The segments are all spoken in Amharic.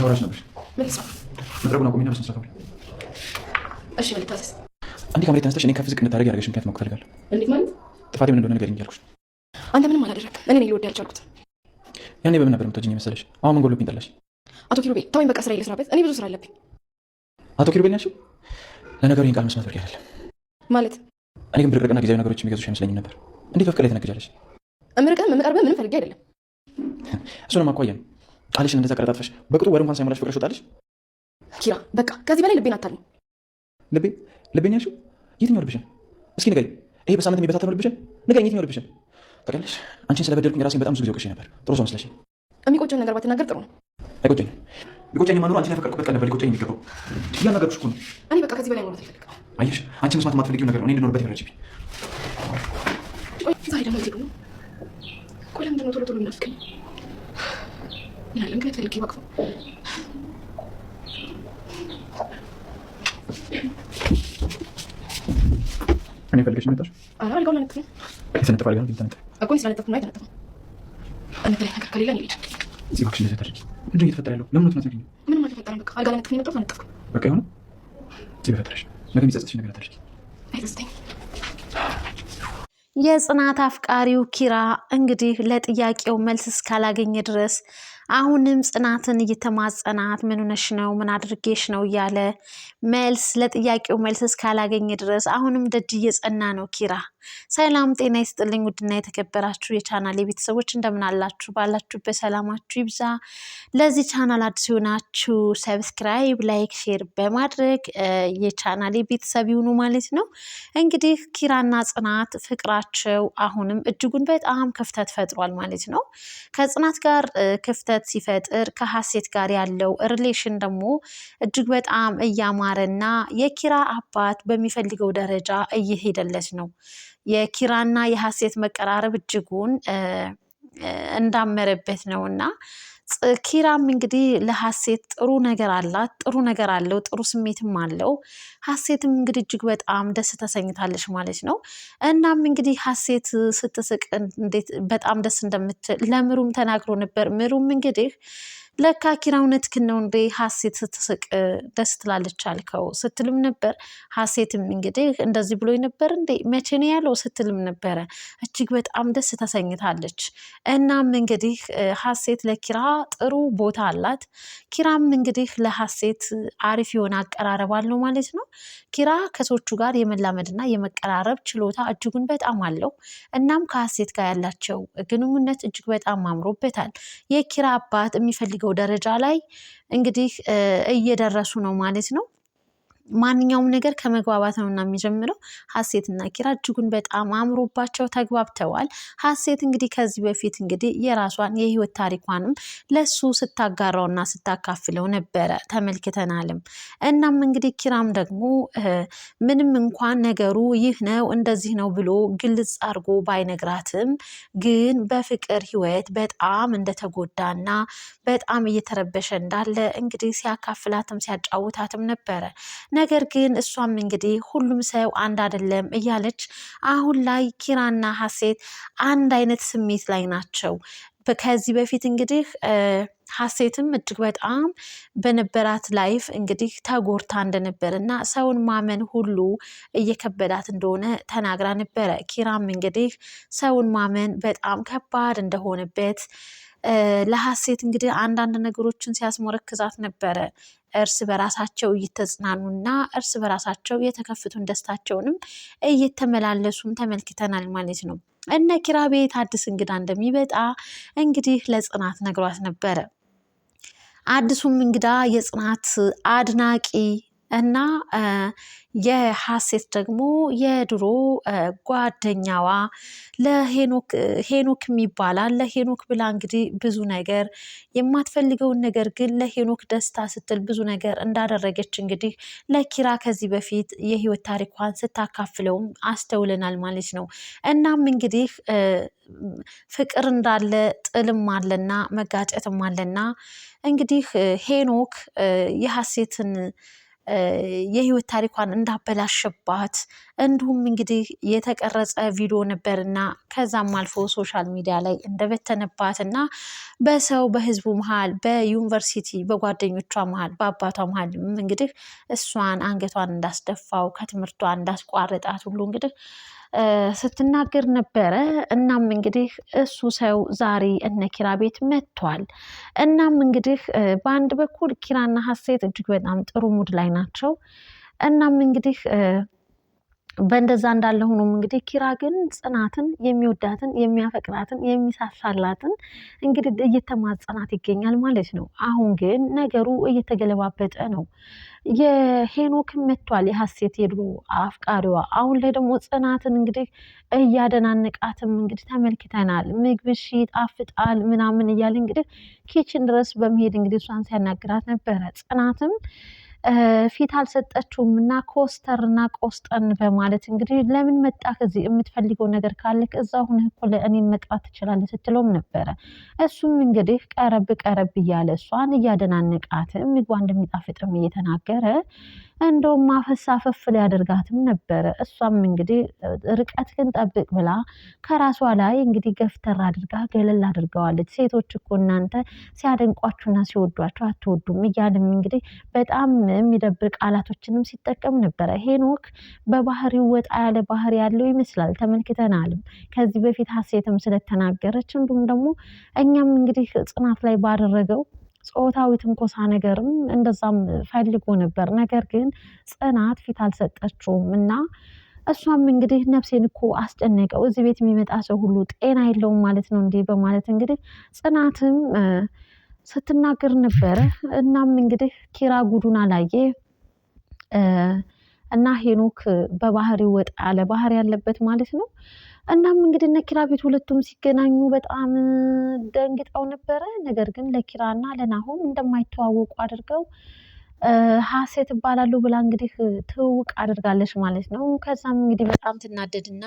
ኖራሽ ነበር። መጥረቡን አቁሚና በስነ ስርዓት እሺ። ልታዘዝ። አንዴ ከመሬት ተነስተሽ እኔን ከፍ ዝቅ እንድታደርግ ያደረገሽ ምክንያት ማወቅ እፈልጋለሁ። እንዴት ማለት? ጥፋቴ ምን እንደሆነ ንገሪኝ እያልኩሽ ነው። አንተ ምንም አላደረግም። እኔ ነኝ ልወድ ያልቻልኩት። ያኔ በምን ነበር የምትወጂኝ የመሰለሽ? አሁን ምን ጎሎብኝ ጠላሽ? አቶ ኪሩቤል ተወኝ፣ በቃ ስራ ልስራበት። እኔ ብዙ ስራ አለብኝ። አቶ ኪሩቤል ናቸው። ለነገሩ ይህን ቃል መስማት ብርቅ አይደለም ማለት እኔ ግን ብርቅርቅና ጊዜያዊ ነገሮች የሚገዙሽ አይመስለኝም ነበር። እንዴት በፍቅር ላይ ትነግጃለሽ? እምርቅም እምቀርብም ምንም ፈልጌ አይደለም። እሱንም አኳያ ነው ቃልሽን እንደዛ ቀረጣጥፈሽ በቅጡ ወደ እንኳን ሳይሞላሽ ፍቅረሽ ወጣልሽ። ኪራ በቃ ከዚህ በላይ ልቤን አታልኝ። ልቤ ልቤን ያልሽው የትኛው ልብሽን? እስኪ ንገሪኝ። ይሄ በሳምንት የሚበታተነው ልብሽን ንገሪኝ፣ የትኛው ልብሽን? ታውቂያለሽ፣ አንቺን ስለበደልኩኝ ራሴን በጣም ብዙ ጊዜ ወቅሼ ነበር። ጥሩ ሰው መስለሽ። የሚቆጨኝ ነገር ባትናገር ጥሩ ነው። አይቆጨኝ። ቢቆጨኝ ማኖሩ አንቺን ያፈቀርኩበት ቀን ነበር ሊቆጨኝ የሚገባው። እያናገርኩሽ እኮ ነው። እኔ በቃ ከዚህ በላይ መኖር አልፈልግም። አየሽ፣ አንቺ መስማት የማትፈልጊው ነገር ነው እኔ እንድኖርበት የፈረጀብኝ። ዛሬ ደግሞ ቆይ ለምንድን ነው ቶሎ ቶሎ የሚናፍቀኝ? ያለን እኔ ፈልገሽ አልጋው ነው የተነጠፈ አልጋ ነው እኮ ነው የተነጠፈ። ነገር ከሌለ እዚህ እባክሽ ታደርጊ። ምንድን ነው እየተፈጠረ ያለው? ለምን ምንም አልተፈጠረም። በቃ አልጋ ነው የመጣሁት አነጠፍኩ። በቃ የሆነ እዚህ በፈጠረሽ ነገ የሚጸጽትሽ ነገር አይጸጽተኝም። የጽናት አፍቃሪው ኪራ እንግዲህ ለጥያቄው መልስ እስካላገኘ ድረስ አሁንም ጽናትን እየተማጸናት ምን ሆነሽ ነው? ምን አድርጌሽ ነው? እያለ መልስ ለጥያቄው መልስ እስካላገኘ ድረስ አሁንም ደጅ እየጸና ነው ኪራ ሰላም ጤና ይስጥልኝ። ውድና የተከበራችሁ የቻናል የቤተሰቦች እንደምን አላችሁ? ባላችሁበት ሰላማችሁ ይብዛ። ለዚህ ቻናል አዲስ ሆናችሁ ሰብስክራይብ፣ ላይክ፣ ሼር በማድረግ የቻናል ቤተሰብ ይሁኑ ማለት ነው። እንግዲህ ኪራና ጽናት ፍቅራቸው አሁንም እጅጉን በጣም ክፍተት ፈጥሯል ማለት ነው። ከጽናት ጋር ክፍተት ሲፈጥር ከሀሴት ጋር ያለው ሪሌሽን ደግሞ እጅግ በጣም እያማረና የኪራ አባት በሚፈልገው ደረጃ እየሄደለት ነው። የኪራና የሀሴት መቀራረብ እጅጉን እንዳመረበት ነው እና ኪራም እንግዲህ ለሀሴት ጥሩ ነገር አላት፣ ጥሩ ነገር አለው፣ ጥሩ ስሜትም አለው። ሀሴትም እንግዲህ እጅግ በጣም ደስ ተሰኝታለች ማለት ነው። እናም እንግዲህ ሀሴት ስትስቅ እንዴት በጣም ደስ እንደምትል ለምሩም ተናግሮ ነበር። ምሩም እንግዲህ ለካ ኪራ እውነትህን ነው እንዴ ሀሴት ስትስቅ ደስ ትላለች አልከው ስትልም ነበር። ሀሴትም እንግዲህ እንደዚህ ብሎ ነበር እንዴ መቼ ነው ያለው ስትልም ነበረ። እጅግ በጣም ደስ ተሰኝታለች። እናም እንግዲህ ሀሴት ለኪራ ጥሩ ቦታ አላት። ኪራም እንግዲህ ለሀሴት አሪፍ የሆነ አቀራረብ አለው ማለት ነው። ኪራ ከሰዎቹ ጋር የመላመድና የመቀራረብ ችሎታ እጅጉን በጣም አለው። እናም ከሀሴት ጋር ያላቸው ግንኙነት እጅግ በጣም አምሮበታል። የኪራ አባት የሚፈልግ ደረጃ ላይ እንግዲህ እየደረሱ ነው ማለት ነው ማንኛውም ነገር ከመግባባት ነው እና የሚጀምረው። ሀሴትና ኪራ እጅጉን በጣም አምሮባቸው ተግባብተዋል። ሀሴት እንግዲህ ከዚህ በፊት እንግዲህ የራሷን የህይወት ታሪኳንም ለሱ እና ስታካፍለው ነበረ ተመልክተናልም። እናም እንግዲህ ኪራም ደግሞ ምንም እንኳን ነገሩ ይህ ነው እንደዚህ ነው ብሎ ግልጽ አድርጎ ባይነግራትም ግን በፍቅር ህይወት በጣም እንደተጎዳና በጣም እየተረበሸ እንዳለ እንግዲህ ሲያካፍላትም ሲያጫውታትም ነበረ። ነገር ግን እሷም እንግዲህ ሁሉም ሰው አንድ አይደለም እያለች አሁን ላይ ኪራና ሀሴት አንድ አይነት ስሜት ላይ ናቸው። ከዚህ በፊት እንግዲህ ሀሴትም እጅግ በጣም በነበራት ላይፍ እንግዲህ ተጎርታ እንደነበር እና ሰውን ማመን ሁሉ እየከበዳት እንደሆነ ተናግራ ነበረ። ኪራም እንግዲህ ሰውን ማመን በጣም ከባድ እንደሆነበት ለሀሴት እንግዲህ አንዳንድ ነገሮችን ሲያስሞረክዛት ነበረ። እርስ በራሳቸው እየተጽናኑና እርስ በራሳቸው የተከፍቱን ደስታቸውንም እየተመላለሱም ተመልክተናል ማለት ነው። እነ ኪራ ቤት አዲስ እንግዳ እንደሚመጣ እንግዲህ ለጽናት ነግሯት ነበረ። አዲሱም እንግዳ የጽናት አድናቂ እና የሀሴት ደግሞ የድሮ ጓደኛዋ ለሄኖክ ይባላል። ለሄኖክ ብላ እንግዲህ ብዙ ነገር የማትፈልገውን ነገር ግን ለሄኖክ ደስታ ስትል ብዙ ነገር እንዳደረገች እንግዲህ ለኪራ ከዚህ በፊት የህይወት ታሪኳን ስታካፍለውም አስተውለናል ማለት ነው። እናም እንግዲህ ፍቅር እንዳለ ጥልም አለና መጋጨትም አለና እንግዲህ ሄኖክ የሀሴትን የህይወት ታሪኳን እንዳበላሽባት እንዲሁም እንግዲህ የተቀረጸ ቪዲዮ ነበርና ከዛም አልፎ ሶሻል ሚዲያ ላይ እንደበተነባትና በሰው በህዝቡ መሀል በዩኒቨርሲቲ በጓደኞቿ መሀል በአባቷ መሀል እንግዲህ እሷን አንገቷን እንዳስደፋው ከትምህርቷ እንዳስቋረጣት ሁሉ እንግዲህ ስትናገር ነበረ። እናም እንግዲህ እሱ ሰው ዛሬ እነ ኪራ ቤት መጥቷል። እናም እንግዲህ በአንድ በኩል ኪራና ሀሴት እጅግ በጣም ጥሩ ሙድ ላይ ናቸው። እናም እንግዲህ በእንደዛ እንዳለ ሆኖም እንግዲህ ኪራ ግን ጽናትን የሚወዳትን የሚያፈቅራትን የሚሳሳላትን እንግዲህ እየተማጸናት ይገኛል ማለት ነው። አሁን ግን ነገሩ እየተገለባበጠ ነው። የሄኖክ መቷል የሀሴት የድሮ አፍቃሪዋ። አሁን ላይ ደግሞ ጽናትን እንግዲህ እያደናንቃትም እንግዲህ ተመልክተናል። ምግብሽ ይጣፍጣል ምናምን እያለ እንግዲህ ኪችን ድረስ በመሄድ እንግዲህ እሷን ሲያናግራት ነበረ ጽናትም ፊት አልሰጠችውም እና ኮስተር እና ቆስጠን በማለት እንግዲህ ለምን መጣ እዚህ የምትፈልገው ነገር ካለ እዛ ሁነህ እኮ መጥራት ትችላለህ ስትለውም ነበረ። እሱም እንግዲህ ቀረብ ቀረብ እያለ እሷን እያደናነቃት ምግቧ እንደሚጣፍጥም እየተናገረ እንደውም አፈሳ አፈፍ ሊያደርጋትም ነበረ። እሷም እንግዲህ ርቀት ግን ጠብቅ ብላ ከራሷ ላይ እንግዲህ ገፍተር አድርጋ ገለል አድርገዋለች። ሴቶች እኮ እናንተ ሲያደንቋችሁና ሲወዷችሁ አትወዱም እያለም እንግዲህ በጣም የሚደብር ቃላቶችንም ሲጠቀም ነበረ። ሄኖክ በባህሪው ወጣ ያለ ባህሪ ያለው ይመስላል። ተመልክተናልም ከዚህ በፊት ሀሴትም ስለተናገረች እንዲሁም ደግሞ እኛም እንግዲህ ጽናት ላይ ባደረገው ጾታዊ ትንኮሳ ነገርም እንደዛም ፈልጎ ነበር። ነገር ግን ጽናት ፊት አልሰጠችውም እና እሷም እንግዲህ ነፍሴን እኮ አስጨነቀው እዚህ ቤት የሚመጣ ሰው ሁሉ ጤና የለውም ማለት ነው እንዲህ በማለት እንግዲህ ጽናትም ስትናገር ነበረ። እናም እንግዲህ ኪራ ጉዱን አላየ እና ሄኖክ በባህሪ ወጣ ያለ ባህሪ ያለበት ማለት ነው። እናም እንግዲህ እነ ኪራ ቤት ሁለቱም ሲገናኙ በጣም ደንግጠው ነበረ። ነገር ግን ለኪራና ለናሆም እንደማይተዋወቁ አድርገው ሀሴት እባላለሁ ብላ እንግዲህ ትውውቅ አድርጋለች ማለት ነው። ከዛም እንግዲህ በጣም ትናደድና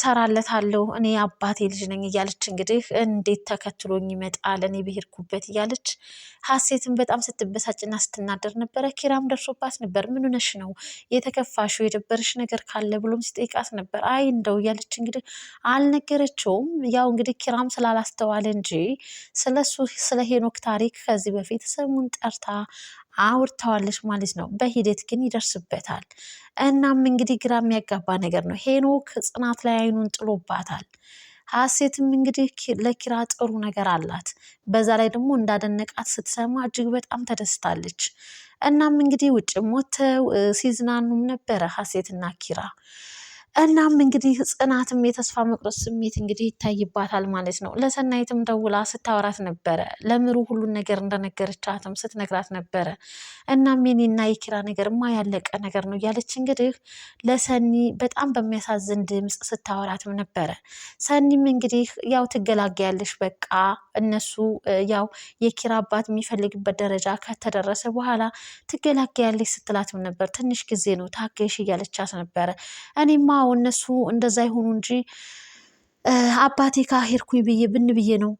ሰራለታለሁ እኔ አባቴ ልጅ ነኝ እያለች እንግዲህ እንዴት ተከትሎኝ ይመጣል እኔ ብሄድኩበት እያለች ሀሴትን በጣም ስትበሳጭና ስትናደር ነበረ። ኪራም ደርሶባት ነበር። ምን ነሽ ነው የተከፋሹ የደበረሽ ነገር ካለ ብሎም ሲጠይቃት ነበር። አይ እንደው እያለች እንግዲህ አልነገረችውም። ያው እንግዲህ ኪራም ስላላስተዋለ እንጂ ስለሱ ስለ ሄኖክ ታሪክ ከዚህ በፊት ስሙን ጠርታ አውርተዋለች ማለት ነው። በሂደት ግን ይደርስበታል። እናም እንግዲህ ግራ የሚያጋባ ነገር ነው። ሄኖክ ጽናት ላይ አይኑን ጥሎባታል። ሀሴትም እንግዲህ ለኪራ ጥሩ ነገር አላት። በዛ ላይ ደግሞ እንዳደነቃት ስትሰማ እጅግ በጣም ተደስታለች። እናም እንግዲህ ውጭ ሞተው ሲዝናኑም ነበረ ሀሴትና ኪራ እናም እንግዲህ ጽናትም የተስፋ መቁረጥ ስሜት እንግዲህ ይታይባታል ማለት ነው። ለሰናይትም ደውላ ስታወራት ነበረ። ለምሩ ሁሉን ነገር እንደነገረቻትም ስትነግራት ነበረ። እናም የኔና የኪራ ነገርማ ያለቀ ነገር ነው እያለች እንግዲህ ለሰኒ በጣም በሚያሳዝን ድምፅ ስታወራትም ነበረ። ሰኒም እንግዲህ ያው ትገላገያለሽ፣ በቃ እነሱ ያው የኪራ አባት የሚፈልግበት ደረጃ ከተደረሰ በኋላ ትገላገያለሽ ስትላትም ነበር። ትንሽ ጊዜ ነው ታገሽ እያለቻት ነበረ። እኔማ አዎ እነሱ እንደዛ ይሆኑ እንጂ አባቴ ካሄድኩኝ ብዬ ብን ብዬ ነው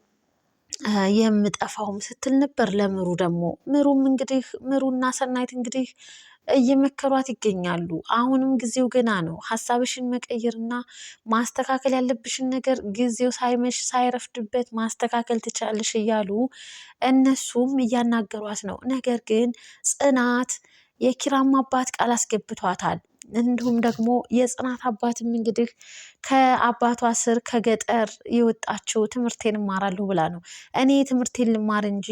የምጠፋውም ስትል ነበር። ለምሩ ደግሞ ምሩም እንግዲህ ምሩና ሰናይት እንግዲህ እየመከሯት ይገኛሉ። አሁንም ጊዜው ገና ነው። ሀሳብሽን መቀየርና ማስተካከል ያለብሽን ነገር ጊዜው ሳይመሽ ሳይረፍድበት ማስተካከል ትቻለሽ እያሉ እነሱም እያናገሯት ነው። ነገር ግን ጽናት የኪራም አባት ቃል አስገብቷታል። እንዲሁም ደግሞ የጽናት አባትም እንግዲህ ከአባቷ ስር ከገጠር የወጣችው ትምህርቴን እማራለሁ ብላ ነው። እኔ ትምህርቴን ልማር እንጂ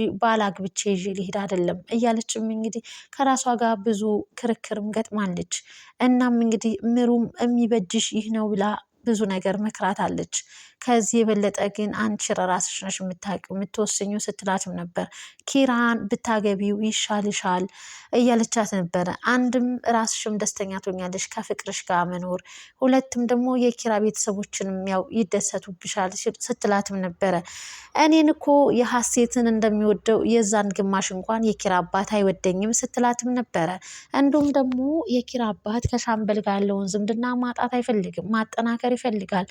አግብቼ ይዤ ሊሄድ አይደለም እያለችም እንግዲህ ከራሷ ጋር ብዙ ክርክርም ገጥማለች። እናም እንግዲህ ምሩም የሚበጅሽ ይህ ነው ብላ ብዙ ነገር መክራታለች። ከዚህ የበለጠ ግን አንቺ ራስሽ ነሽ የምታውቂው የምትወስኙ ስትላትም ነበር። ኪራን ብታገቢው ይሻልሻል እያለቻት ነበረ። አንድም ራስሽም ደስተኛ ትሆኛለሽ ከፍቅርሽ ጋር መኖር፣ ሁለትም ደግሞ የኪራ ቤተሰቦችንም ያው ይደሰቱብሻል ስትላትም ነበረ። እኔን እኮ የሀሴትን እንደሚወደው የዛን ግማሽ እንኳን የኪራ አባት አይወደኝም ስትላትም ነበረ። እንዲሁም ደግሞ የኪራ አባት ከሻምበል ጋር ያለውን ዝምድና ማጣት አይፈልግም ማጠናከር መማር ይፈልጋል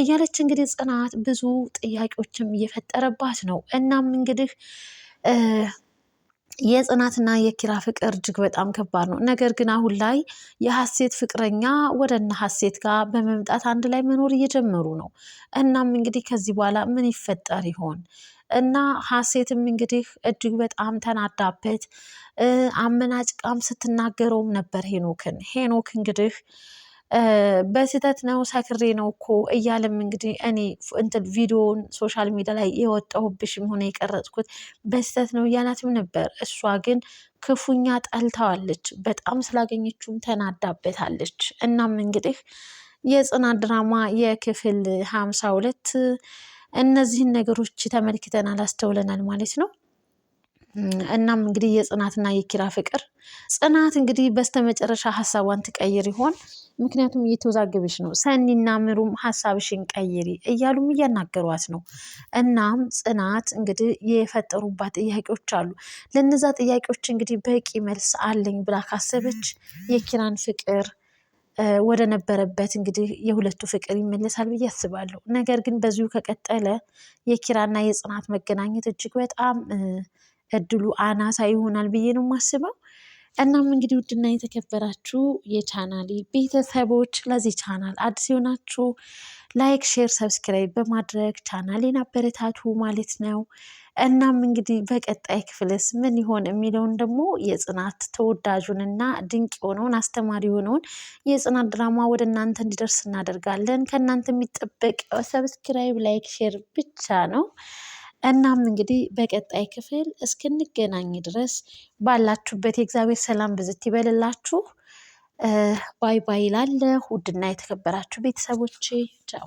እያለች እንግዲህ ጽናት ብዙ ጥያቄዎችም እየፈጠረባት ነው። እናም እንግዲህ የጽናትና የኪራ ፍቅር እጅግ በጣም ከባድ ነው። ነገር ግን አሁን ላይ የሀሴት ፍቅረኛ ወደ እነ ሀሴት ጋር በመምጣት አንድ ላይ መኖር እየጀመሩ ነው። እናም እንግዲህ ከዚህ በኋላ ምን ይፈጠር ይሆን እና ሀሴትም እንግዲህ እጅግ በጣም ተናዳበት፣ አመናጭቃም ስትናገረውም ነበር ሄኖክን ሄኖክ እንግዲህ በስህተት ነው ሰክሬ ነው እኮ እያለም እንግዲህ እኔ እንትን ቪዲዮውን ሶሻል ሚዲያ ላይ የወጣሁብሽም ሆነ የቀረጽኩት በስህተት ነው እያላትም ነበር። እሷ ግን ክፉኛ ጠልተዋለች። በጣም ስላገኘችውም ተናዳበታለች። እናም እንግዲህ የጽናት ድራማ የክፍል ሀምሳ ሁለት እነዚህን ነገሮች ተመልክተናል፣ አስተውለናል ማለት ነው። እናም እንግዲህ የጽናትና የኪራ ፍቅር ጽናት እንግዲህ በስተመጨረሻ ሀሳቧን ትቀይር ይሆን? ምክንያቱም እየተወዛገበች ነው። ሰኒና ምሩም ሀሳብሽን ቀይሪ እያሉም እያናገሯት ነው። እናም ጽናት እንግዲህ የፈጠሩባት ጥያቄዎች አሉ። ለነዛ ጥያቄዎች እንግዲህ በቂ መልስ አለኝ ብላ ካሰበች የኪራን ፍቅር ወደ ነበረበት እንግዲህ የሁለቱ ፍቅር ይመለሳል ብዬ አስባለሁ። ነገር ግን በዚሁ ከቀጠለ የኪራና የጽናት መገናኘት እጅግ በጣም እድሉ አናሳ ይሆናል ብዬ ነው የማስበው። እናም እንግዲህ ውድና የተከበራችሁ የቻናሊ ቤተሰቦች ለዚህ ቻናል አዲስ የሆናችሁ ላይክ፣ ሼር፣ ሰብስክራይብ በማድረግ ቻናሌን አበረታቱ ማለት ነው። እናም እንግዲህ በቀጣይ ክፍልስ ምን ይሆን የሚለውን ደግሞ የጽናት ተወዳጁንና ድንቅ የሆነውን አስተማሪ የሆነውን የጽናት ድራማ ወደ እናንተ እንዲደርስ እናደርጋለን። ከእናንተ የሚጠበቅ ሰብስክራይብ፣ ላይክ፣ ሼር ብቻ ነው። እናም እንግዲህ በቀጣይ ክፍል እስክንገናኝ ድረስ ባላችሁበት የእግዚአብሔር ሰላም ብዝት ይበልላችሁ። ባይ ባይ ላለ ውድና የተከበራችሁ ቤተሰቦቼ ቻው።